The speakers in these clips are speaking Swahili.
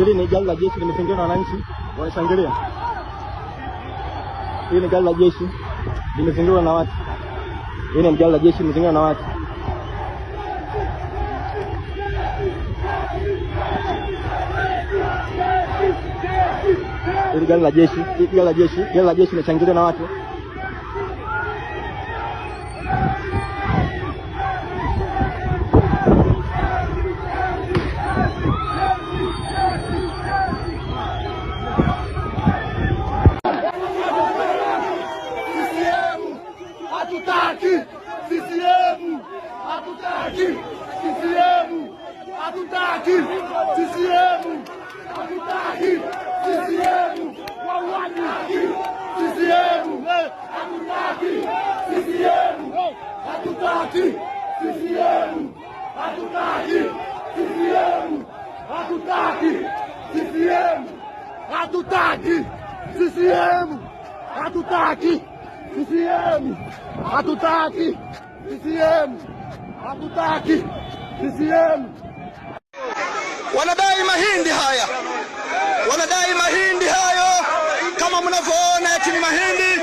Hili ni gari la jeshi limepingiwa na wananchi wanashangilia. Hili ni gari la jeshi limezingirwa na watu. Hili ni gari la jeshi limezingirwa na watu. Hili gari la jeshi, gari la jeshi, gari la jeshi linashangiliwa na watu. ataque! Siciliano! Ataque! Siciliano! Ataque! Siciliano! Ao ataque! Siciliano! Ataque! Siciliano! Ataque! Siciliano! Ataque! Siciliano! Ataque! Siciliano! Ataque! Siciliano! Ataque! Siciliano! Ataque! Hatutaki CCM. Wanadai mahindi haya, wanadai mahindi hayo, kama mnavyoona eti ni mahindi.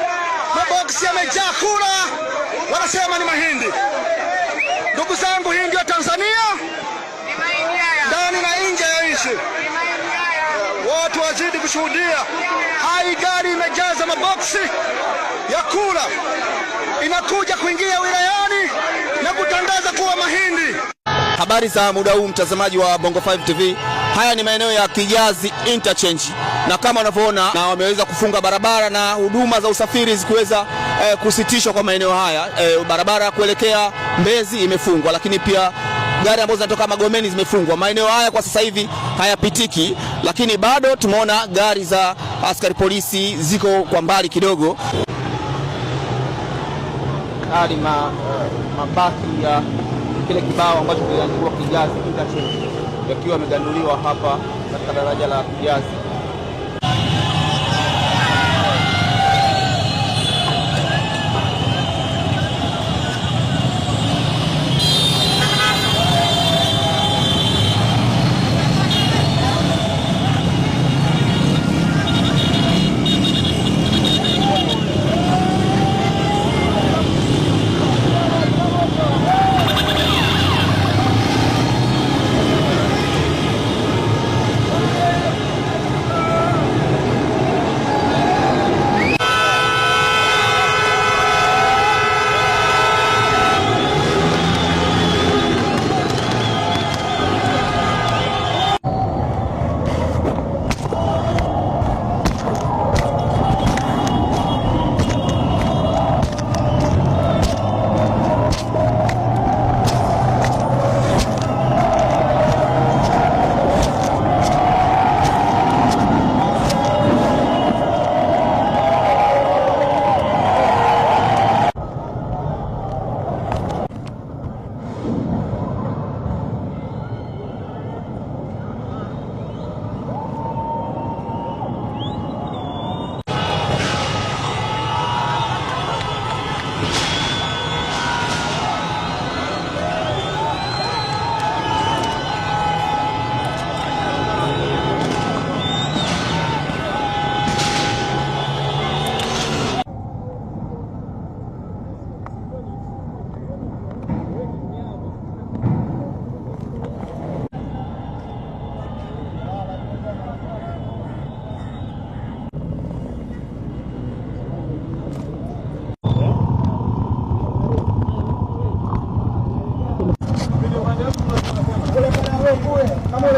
Maboksi yamejaa kura, wanasema ni mahindi. Ndugu zangu, hii ndio Tanzania ndani na nje ya nchi. Watu wazidi kushuhudia. Hai gari imejaza maboksi ya kura, inakuja kuingia wilayani na kutangaza kuwa mahindi. Habari za muda huu, mtazamaji wa Bongo 5 TV. Haya ni maeneo ya Kijazi interchange, na kama unavyoona, na wameweza kufunga barabara na huduma za usafiri zikiweza eh, kusitishwa kwa maeneo haya eh, barabara kuelekea Mbezi imefungwa, lakini pia gari ambazo zinatoka Magomeni zimefungwa. Maeneo haya kwa sasa hivi hayapitiki, lakini bado tumeona gari za askari polisi ziko kwa mbali kidogo tayari ma, mabaki ya kile kibao ambacho kiliandikwa Kijazi kitacho yakiwa yameganduliwa hapa katika daraja la Kijazi.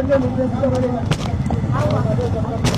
Thank you.